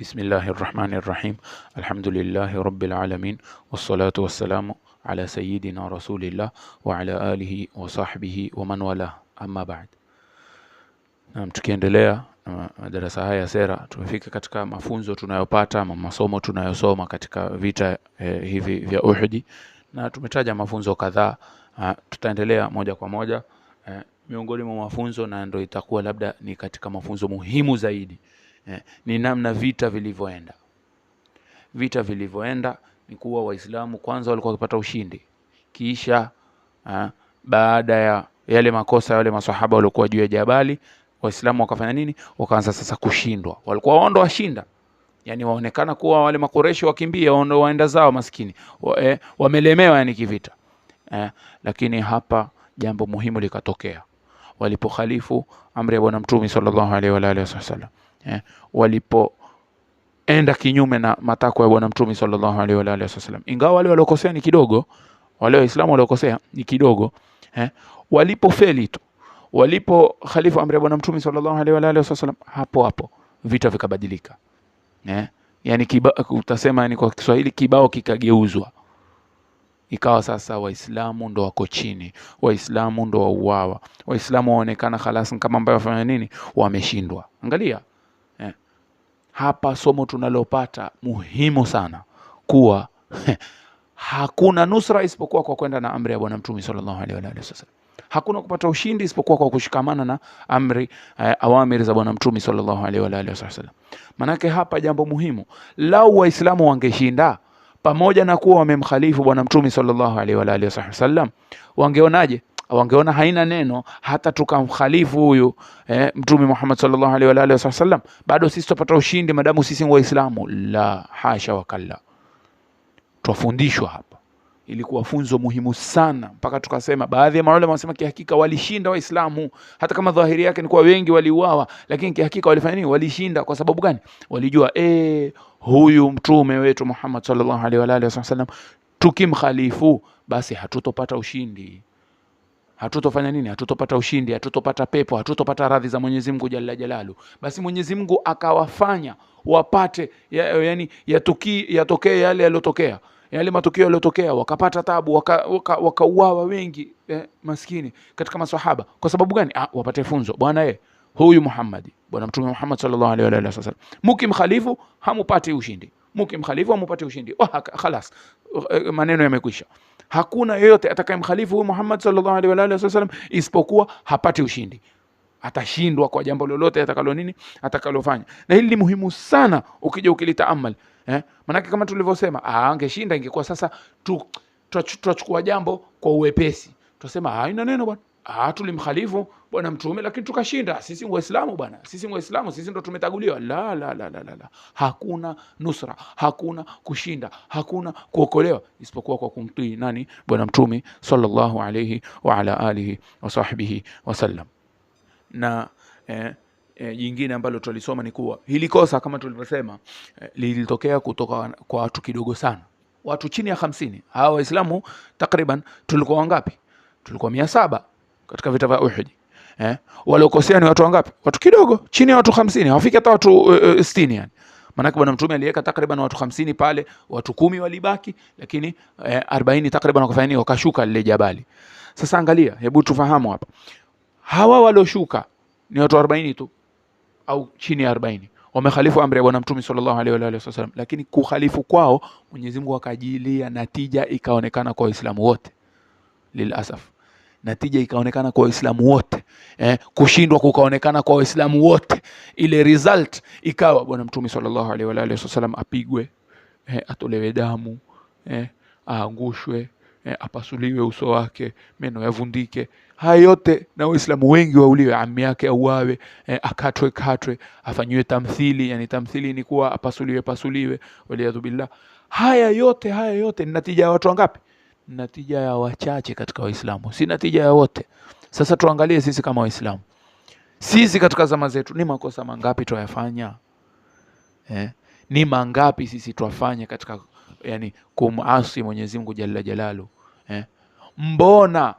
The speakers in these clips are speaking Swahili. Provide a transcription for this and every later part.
Bismillahi الله الرحمن الرحيم الحمد لله wassalatu wassalamu ala sayidina rasulillah سيدنا رسول alihi wa sahbihi وصحبه ومن والاه أما بعد نعم tukiendelea na madarasa haya ya sera, tumefika katika mafunzo tunayopata ama masomo tunayosoma katika vita eh, hivi vya Uhud, na tumetaja mafunzo kadhaa. Ah, tutaendelea moja kwa moja eh, miongoni mwa mafunzo na ndio itakuwa labda ni katika mafunzo muhimu zaidi Eh, ni namna vita vilivyoenda. Vita vilivyoenda ni kuwa Waislamu kwanza walikuwa wakipata ushindi, kisha ha, eh, baada ya yale makosa yale maswahaba waliokuwa juu ya jabali, Waislamu wakafanya nini? Wakaanza sasa kushindwa. Walikuwa waondo washinda, yani waonekana kuwa wale makoresho wakimbia, waondo waenda zao, maskini wa, eh, wamelemewa yani kivita eh, lakini hapa jambo muhimu likatokea walipo khalifu amri ya Bwana Mtume sallallahu alaihi wa alihi wasallam eh, walipoenda kinyume na matakwa ya Bwana Mtume sallallahu alaihi wa alihi wasallam. Ingawa wale waliokosea ni kidogo, wale Waislamu waliokosea ni kidogo eh, walipofeli tu, walipo khalifu amri ya Bwana Mtume sallallahu alaihi wa alihi wasallam, hapo hapo vita vikabadilika eh, yani kiba, utasema yani kwa Kiswahili kibao kikageuzwa ikawa sasa Waislamu ndo wako chini, Waislamu ndo wauawa, Waislamu waonekana khalas kama ambayo wafanya nini, wameshindwa. Angalia hapa somo tunalopata muhimu sana kuwa hakuna nusra isipokuwa kwa kwenda na amri ya Bwana Mtume sallallahu alaihi wa sallam Hakuna kupata ushindi isipokuwa kwa kushikamana na amri eh, awamiri za Bwana Mtume sallallahu alaihi wa alihi wasallam. Manake hapa jambo muhimu, lau Waislamu wangeshinda pamoja na kuwa wamemkhalifu Bwana Mtume sallallahu alaihi wa alihi wasallam, wangeonaje? wangeona haina neno hata tukamkhalifu huyu eh, Mtume Muhammad sallallahu alaihi wa alihi wasallam, bado sisi tupata ushindi madamu sisi ni Waislamu. La hasha wakalla, twafundishwa hapa. Ilikuwa funzo muhimu sana, mpaka tukasema baadhi ya maulama wanasema kihakika walishinda Waislamu, hata kama dhahiri yake ni kuwa wengi waliuawa, lakini kihakika walifanya nini? Walishinda. Kwa sababu gani? Walijua eh, huyu mtume wetu Muhammad sallallahu alaihi wa alihi wasallam tukimkhalifu basi hatutopata ushindi hatutofanya nini? Hatutopata ushindi, hatutopata pepo, hatutopata radhi za Mwenyezi Mungu jalla jalalu. Basi Mwenyezi Mungu akawafanya wapate ya, yani yatokee ya yale yaliyotokea yale matukio yaliyotokea, wakapata tabu, wakauawa waka, waka wengi eh, maskini katika maswahaba. Kwa sababu gani? Ah, wapate funzo bwana eh, huyu Muhammadi, bwana Mtume Muhammad sallallahu alaihi wa alihi hamupati ushindi, mukimkhalifu hamupati ushindi. oh, khalas, eh, maneno yamekwisha hakuna yeyote atakayemkhalifu huyu Muhammad sallallahu alaihi wa alihi wasallam isipokuwa hapati ushindi, atashindwa kwa jambo lolote atakalo nini atakalofanya. Na hili ni muhimu sana ukija ukilitaamal eh? Maanake kama tulivyosema, ah, angeshinda ingekuwa sasa tu, twachukua jambo kwa uwepesi, tunasema ah, ina neno bwana ah, tulimkhalifu bwana mtume lakini tukashinda. Sisi Waislamu bwana, sisi Waislamu, sisi ndo tumetaguliwa. La, la, la, la, la, hakuna nusra, hakuna kushinda, hakuna kuokolewa isipokuwa kwa kumtii nani? Bwana Mtume sallallahu alayhi wa ala alihi wa sahbihi wasallam. Na eh, eh, jingine ambalo tulisoma ni kuwa hili kosa kama tulivyosema, eh, lilitokea kutoka kwa watu kidogo sana, watu chini ya hamsini. Hawa Waislamu takriban tulikuwa wangapi? Tulikuwa mia saba katika vita vya Uhud eh, waliokosea ni watu wangapi? Watu kidogo, chini ya watu hamsini, hawafiki hata watu uh, uh, sitini yani Maanake Bwana Mtume aliweka takriban watu hamsini pale, watu kumi walibaki, lakini eh, arobaini takriban wakafanya nini? Wakashuka lile jabali. Sasa angalia, hebu tufahamu hapa, hawa walioshuka ni watu arobaini tu au chini ya arobaini wamekhalifu amri ya Bwana Mtume sallallahu alaihi wa alihi wasallam, lakini kukhalifu kwao Mwenyezi Mungu akajilia natija ikaonekana kwa Waislamu wote lilasafu natija ikaonekana kwa Waislamu wote eh, kushindwa kukaonekana kwa Waislamu wote. Ile result ikawa Bwana Mtume sallallahu alaihi wa alihi wasallam apigwe eh, atolewe damu eh, aangushwe eh, apasuliwe uso wake, meno yavundike, haya yote na Waislamu wengi wauliwe, ami yake auawe, eh, akatwe katwe, afanyiwe tamthili. Yani tamthili ni kuwa apasuliwe pasuliwe, waliadhu billah. Haya yote haya yote ni natija ya watu wangapi? natija ya wachache katika Waislamu, si natija ya wote. Sasa tuangalie sisi kama Waislamu, sisi katika zama zetu ni makosa mangapi twayafanya eh? Ni mangapi sisi twafanya katika yani kumasi Mwenyezi Mungu jalla jalalu eh? Mbona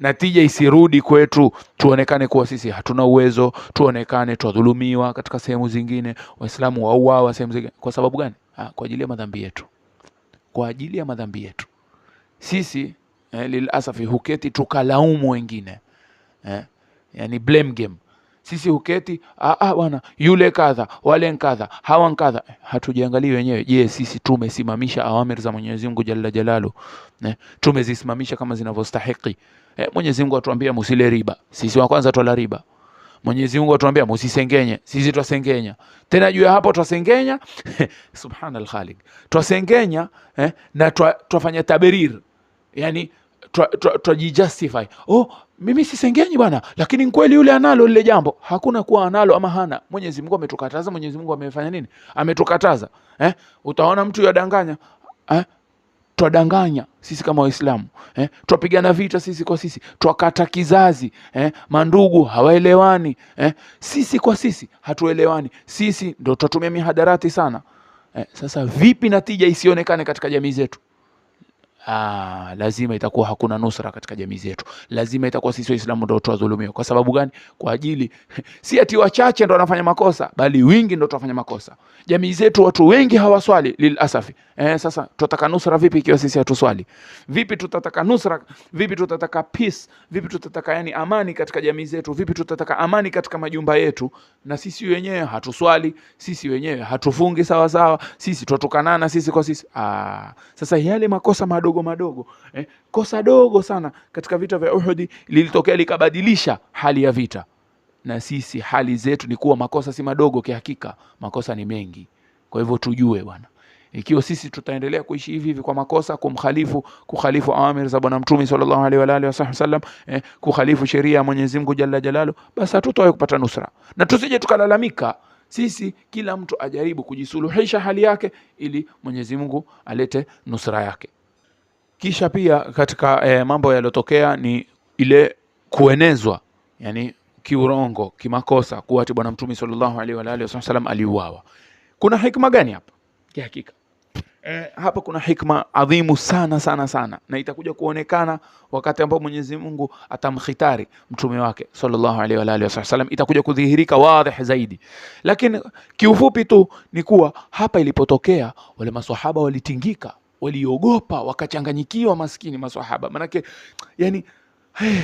natija isirudi kwetu, tuonekane kuwa sisi hatuna uwezo, tuonekane twadhulumiwa katika sehemu zingine, Waislamu wauawa sehemu zingine. Kwa sababu gani? Ha, ah, kwa ajili ya madhambi yetu, kwa ajili ya madhambi yetu sisi eh, lilasafi huketi tukalaumu wengine eh, yani blame game sisi huketi ah, ah, bwana, yule kadha, wale nkadha, hawa nkadha, eh, hatujiangalii wenyewe. Je, sisi tumesimamisha awamir za Mwenyezi Mungu jalla jalalu eh? Tumezisimamisha kama zinavyostahiki eh? Mwenyezi Mungu atuambia musile riba, sisi wa kwanza twala riba. Mwenyezi Mungu atuambia musisengenye, sisi twasengenya. Tena juu ya hapo twasengenya subhanal khaliq twasengenya eh? na twafanya taberir yani twajijustify oh, mimi sisengenyi bwana, lakini kweli yule analo lile jambo. Hakuna kuwa analo ama hana. Mwenyezi Mungu ametukataza. Mwenyezi Mungu amefanya nini? Ametukataza eh? Utaona mtu yadanganya eh? Twadanganya sisi kama Waislamu eh? Twapigana vita sisi kwa sisi, twakata kizazi eh? Mandugu hawaelewani eh? Sisi kwa sisi hatuelewani, sisi ndo twatumia mihadarati sana eh? Sasa vipi natija isionekane katika jamii zetu? Ah, lazima itakuwa hakuna nusra katika jamii zetu. Lazima itakuwa sisi Waislamu ndio tutadhulumiwa. Kwa sababu gani? Kwa ajili si ati wachache ndio wanafanya makosa, bali wingi ndio tunafanya makosa. Jamii zetu watu wengi hawaswali lil asafi. Eh, sasa tutataka nusra vipi ikiwa sisi hatuswali? Vipi tutataka nusra? Vipi tutataka peace? Vipi tutataka yani amani katika jamii zetu? Vipi tutataka amani katika majumba yetu na sisi wenyewe hatuswali, sisi wenyewe hatufungi sawa sawa, sisi tutukanana sisi kwa sisi. Ah, sasa yale makosa madogo madogo madogo eh. Kosa dogo sana katika vita vya Uhudi lilitokea likabadilisha hali ya vita, na sisi hali zetu ni kuwa makosa si madogo, kihakika makosa ni mengi. Kwa hivyo tujue bwana ikiwa sisi tutaendelea kuishi hivi hivi kwa makosa, kumkhalifu kukhalifu amri za Bwana Mtume sallallahu alaihi wa alihi wasallam eh, kukhalifu sheria ya Mwenyezi Mungu jalla jalalu, basi hatutawahi kupata nusra, na tusije tukalalamika sisi. Kila mtu ajaribu kujisuluhisha hali yake, ili Mwenyezi Mungu alete nusra yake. Kisha pia katika e, mambo yaliyotokea ni ile kuenezwa yani kiurongo kimakosa, kuwa ati Bwana Mtume sallallahu alaihi wa alihi wasallam aliuawa. Kuna hikma gani hapa? Kihakika e, eh, hapa kuna hikma adhimu sana sana sana, na itakuja kuonekana wakati ambao Mwenyezi Mungu atamkhitari mtume wake sallallahu alaihi wa alihi wasallam, itakuja kudhihirika wazi zaidi, lakini kiufupi tu ni kuwa hapa ilipotokea wale maswahaba walitingika waliogopa wakachanganyikiwa, maskini maswahaba, manake yani hey, eh,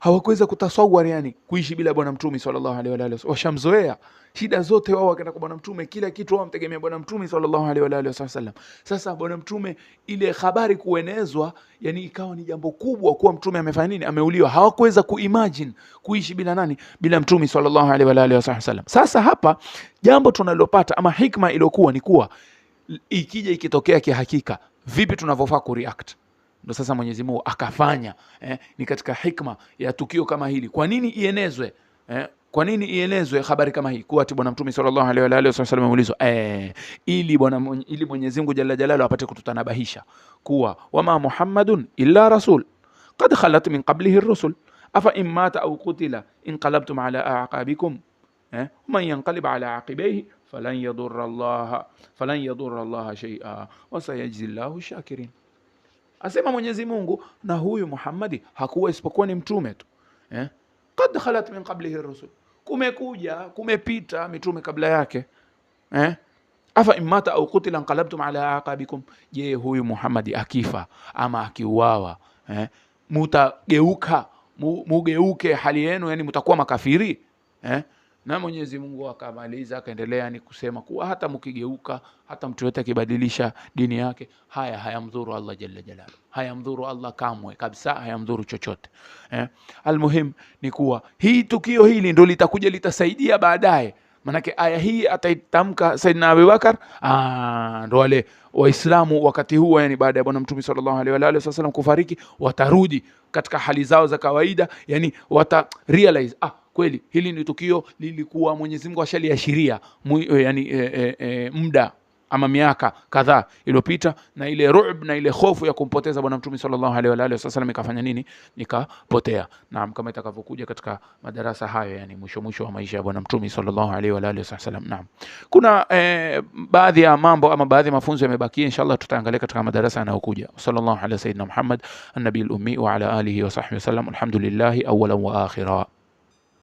hawakuweza kutasawari yani kuishi bila Bwana Mtume sallallahu alaihi wa alihi washamzoea shida zote, wao wakaenda kwa Bwana Mtume, kila kitu wao wamtegemea Bwana Mtume sallallahu alaihi wa alihi wasallam. Sasa Bwana Mtume, ile habari kuenezwa, yani ikawa ni jambo kubwa, kuwa Mtume amefanya nini, ameuliwa. Hawakuweza kuimagine kuishi bila nani, bila Mtume sallallahu alaihi wa alihi wasallam. Sasa hapa jambo tunalopata ama hikma iliyokuwa ni kuwa ikija ikitokea kihakika vipi tunavyofaa kureact. Ndo sasa Mwenyezi Mungu akafanya eh, ni katika hikma ya tukio kama hili. Kwa nini ienezwe eh? Kwa nini ielezwe habari kama hii kuwa ati bwana Mtume sallallahu alaihi wa alihi wasallam ameulizwa eh, ili bwana ili Mwenyezi Mungu jalla jalalu apate kututanabahisha kuwa wama Muhammadun illa rasul qad khalat min qablihi ar-rusul afa in mata au kutila inqalabtum ala aqabikum eh, man yanqalib ala aqibaihi falan yadurra Allah falan yadurra Allah shay'a wa shakirin, asema Mwenyezi Mungu, na huyu Muhammadi hakuwa isipokuwa ni mtume tu eh? kad khalat min qablihi rusul, kumekuja kumepita mitume kabla yake eh? afa imata au kutila nqalabtum ala aqabikum, je, huyu Muhammadi akifa ama akiuawa eh? mutageuka mugeuke hali yenu, yani mutakuwa makafiri eh? na Mwenyezi Mungu akamaliza, akaendelea ni kusema kuwa hata mkigeuka, hata mtu yote akibadilisha dini yake, haya hayamdhuru Allah jalla jalalu, hayamdhuru Allah kamwe kabisa, hayamdhuru chochote eh. Almuhim ni kuwa hii tukio hili ndio litakuja litasaidia baadaye, manake aya hii ataitamka Saidina Abubakar, ah, ndo wale Waislamu wakati huo, yani baada ya Bwana Mtume sallallahu alaihi wa alihi wasallam kufariki, watarudi katika hali zao za kawaida, yani wata realize ah kweli hili ni tukio lilikuwa Mwenyezi Mungu ashaliashiria eh, yani, e, e, e, muda ama miaka kadhaa iliyopita, na ile ru'b na ile hofu ya kumpoteza bwana mtume sallallahu alaihi wa alihi wasallam ikafanya nini, nikapotea. Naam, kama itakavyokuja katika madarasa hayo, yani mwisho mwisho wa maisha ya bwana mtume sallallahu alaihi wa alihi wasallam. Naam, kuna eh, baadhi ya mambo ama baadhi ya mafunzo yamebakia, inshallah tutaangalia katika madarasa yanayokuja. Sallallahu ala sayyidina Muhammad an-nabiyil ummi wa ala alihi wa sahbihi wasallam. Alhamdulillah awwalan wa akhira.